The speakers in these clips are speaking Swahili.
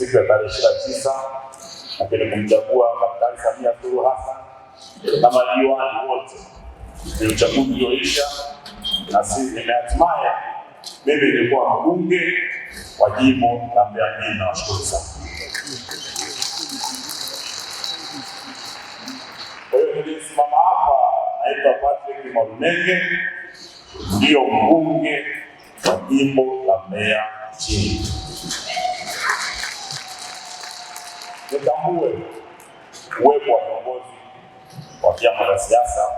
siku ya tarehe ishirini na tisa lakini kumchagua Daktari Samia Suluhu Hassan kama diwani wote. Ni uchaguzi ulioisha na sisi nimehatimaye mimi nilikuwa mbunge wa jimbo la Mbeya mjini. Nawashukuru sana. Kwa hiyo nilisimama hapa, naitwa Patrick Mwalunenge, ndiyo mbunge wa jimbo la Mbeya mjini. nitambue uwepo wa viongozi wa vyama vya siasa,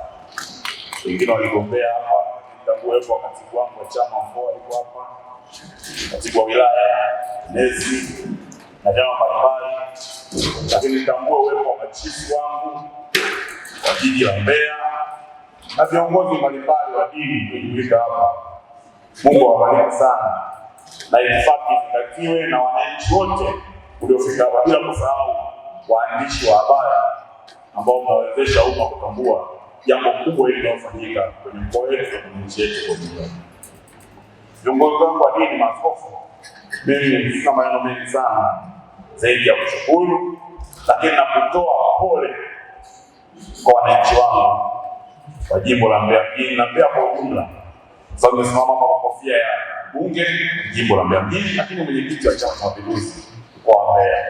wengine waligombea hapa. nitambue uwepo wa katibu wangu wa chama ambao alikuwa hapa, katibu wa wilaya nezi na vyama mbalimbali, lakini nitambue uwepo wa machifu wangu wa jiji la Mbeya na viongozi mbalimbali wa dini kujulika hapa. Mungu awabariki sana na itifaki zingatiwe na wananchi wote uliofika hapa, bila kusahau waandishi wa habari ambao mnawezesha umma kutambua jambo kubwa hili linalofanyika kwenye mkoa wetu na kwenye nchi yetu kwa ujumla. Viongozi wangu wa dini, maaskofu, mimi sina maneno mengi sana zaidi ya kushukuru, lakini na kutoa pole kwa wananchi wangu wa jimbo la Mbeya mjini na Mbeya kwa ujumla, kwa sababu nimesimama kwa kofia ya bunge jimbo la Mbeya mjini, lakini mwenyekiti wa Chama cha Mapinduzi kwa Mbeya.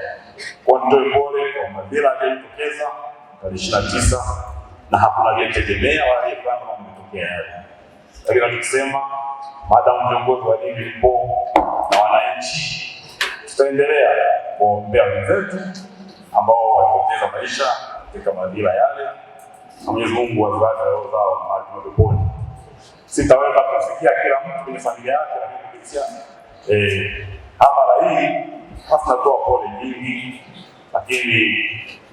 Kwa nitoe pole kwa madhila aliyojitokeza tarehe ishirini na tisa na hakuna aliyetegemea wala aliyepanga yametokea yale, lakini tukisema maadamu viongozi wa dini ipo na wananchi, tutaendelea kuombea wenzetu ambao walipoteza maisha katika madhila yale, na Mwenyezi Mungu azilaze roho zao mahali peponi. Sitaweza kufikia kila mtu kwenye familia yake, lakini kupitia eh, amala hii sasa natoa pole nyingi, lakini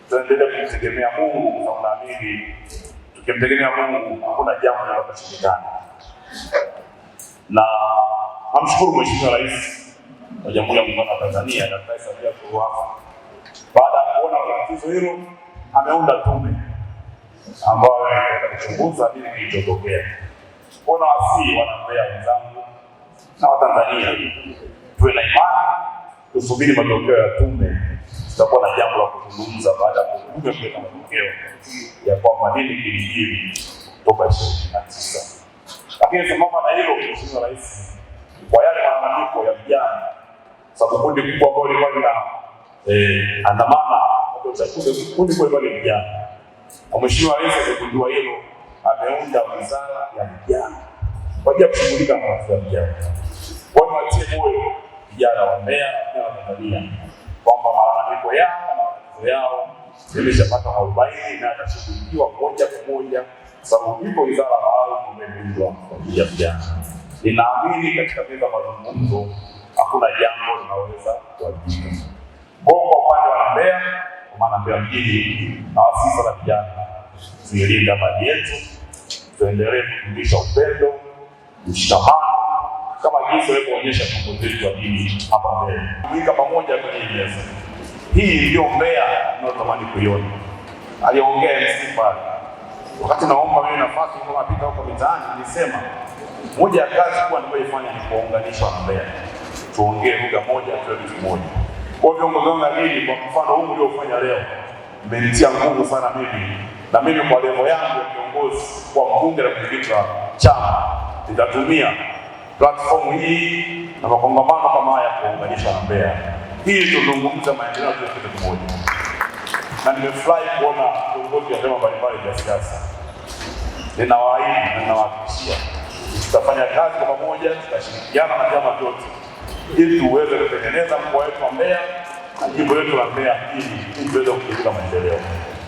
tuendelee kumtegemea Mungu na unaamini, tukimtegemea Mungu hakuna jambo linaloshindikana. Na namshukuru Mheshimiwa Rais wa Jamhuri ya Muungano wa Tanzania Daktari Samia Suluhu Hassan, baada ya kuona tatizo hilo, ameunda tume ambayo itaenda kuchunguza nini kilichotokea. Kuna wasii wana wenzangu na Watanzania, tuwe na imani kusubiri matokeo ya tume. Tutakuwa na jambo la kuzungumza baada ya tume kuleta matokeo ya kwamba nini kilijiri Oktoba ishirini na tisa. Lakini sambamba na hilo, Mheshimiwa Rais, kwa yale malalamiko ya vijana, sababu kundi kubwa ambao lilikuwa lina eh, andamana kundi kubwa ni vijana, Kwa Mheshimiwa Rais amegundua hilo, ameunda wizara ya vijana kwa ajili ya kushughulika na masuala ya vijana. Kwa hiyo niwatie moyo vijana wa Mbeya dunia, kwamba malalamiko yao na matatizo yao yameshapata arobaini na yatashughulikiwa moja kwa moja, sababu ipo wizara maalum imeundwa kwa ajili ya vijana. Ninaamini katika meza mazungumzo hakuna jambo linaweza kuajika kwao kwa upande wa Mbeya, kwa maana Mbeya mjini na wasifa la vijana tuilinda maji yetu, tuendelee kufundisha upendo, mshikamano kama jinsi walivyoonyesha viongozi wa dini hapa mbele, ika pamoja kwenye meza hii ndio Mbeya unaotamani kuiona. Aliongea MC pale, wakati naomba mimi nafasi kwa mapita huko mitaani, nilisema moja ya kazi kubwa ninayoifanya ni kuwaunganisha Mbeya, tuongee lugha moja, tuwe kitu kimoja. Kwa viongozi wangu dini, kwa mfano huu uliofanya leo mmenitia nguvu sana mimi na mimi kwa levo yangu ya kiongozi kwa mbunge na mwenyekiti wa chama nitatumia platform hii na makongamano kama haya kuunganisha na Mbeya ili tuzungumze maendeleo ya kitu kimoja, na nimefurahi kuona viongozi wa vyama mbalimbali vya siasa. Ninawaahidi na ninawahakikishia tutafanya kazi kwa pamoja, tutashirikiana na vyama vyote ili tuweze kutengeneza mkoa wetu wa Mbeya na jimbo letu la Mbeya ili tuweze kufikia maendeleo.